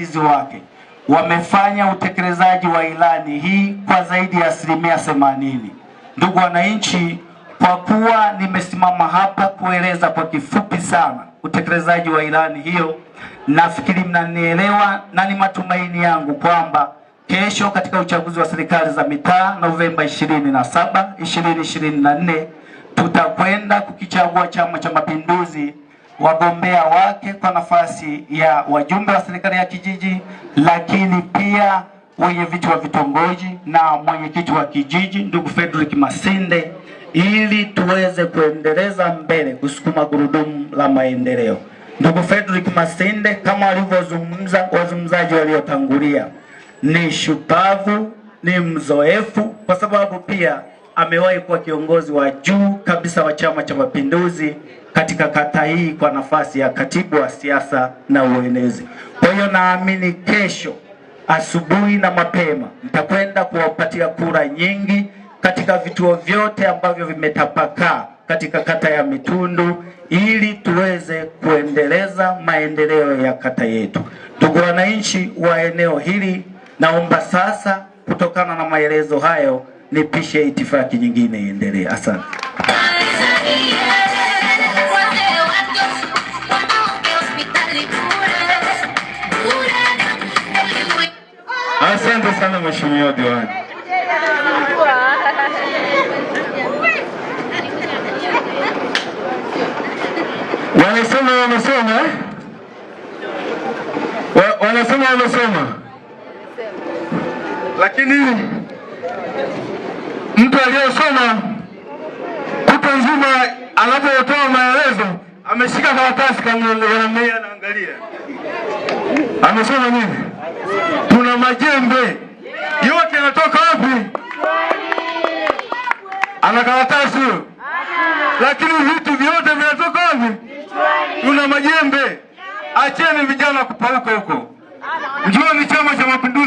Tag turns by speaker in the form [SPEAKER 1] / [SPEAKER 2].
[SPEAKER 1] wasaidizi wake wamefanya utekelezaji wa ilani hii kwa zaidi ya asilimia themanini. Ndugu wananchi, kwa kuwa nimesimama hapa kueleza kwa kifupi sana utekelezaji wa ilani hiyo, nafikiri mnanielewa, na ni matumaini yangu kwamba kesho katika uchaguzi wa serikali za mitaa Novemba 27, 2024 tutakwenda kukichagua Chama cha Mapinduzi wagombea wake kwa nafasi ya wajumbe wa serikali ya kijiji, lakini pia wenye viti wa vitongoji na mwenyekiti wa kijiji ndugu Frederick Masinde, ili tuweze kuendeleza mbele kusukuma gurudumu la maendeleo. Ndugu Frederick Masinde, kama walivyozungumza wazungumzaji waliotangulia, ni shupavu, ni mzoefu, kwa sababu pia amewahi kuwa kiongozi wa juu kabisa wa Chama cha Mapinduzi katika kata hii kwa nafasi ya katibu wa siasa na uenezi. Kwa hiyo naamini kesho asubuhi na mapema mtakwenda kuwapatia kura nyingi katika vituo vyote ambavyo vimetapakaa katika kata ya Mitundu ili tuweze kuendeleza maendeleo ya kata yetu. Ndugu wananchi wa eneo hili, naomba sasa, kutokana na maelezo hayo nipishe itifaki nyingine iendelee. Asante.
[SPEAKER 2] Asante sana Mheshimiwa Diwani. Wanasema wanasema eh? wanasema wanasema lakini mtu aliyosoma kutwa nzima anapotoa maelezo
[SPEAKER 3] ameshika karatasi kanaangalia,
[SPEAKER 2] amesoma nini? Kuna majembe yote yanatoka wapi? Ana karatasi huyo, lakini vitu vyote vinatoka wapi? Kuna majembe. Acheni vijana kupauka huko, mjue ni Chama cha Mapinduzi.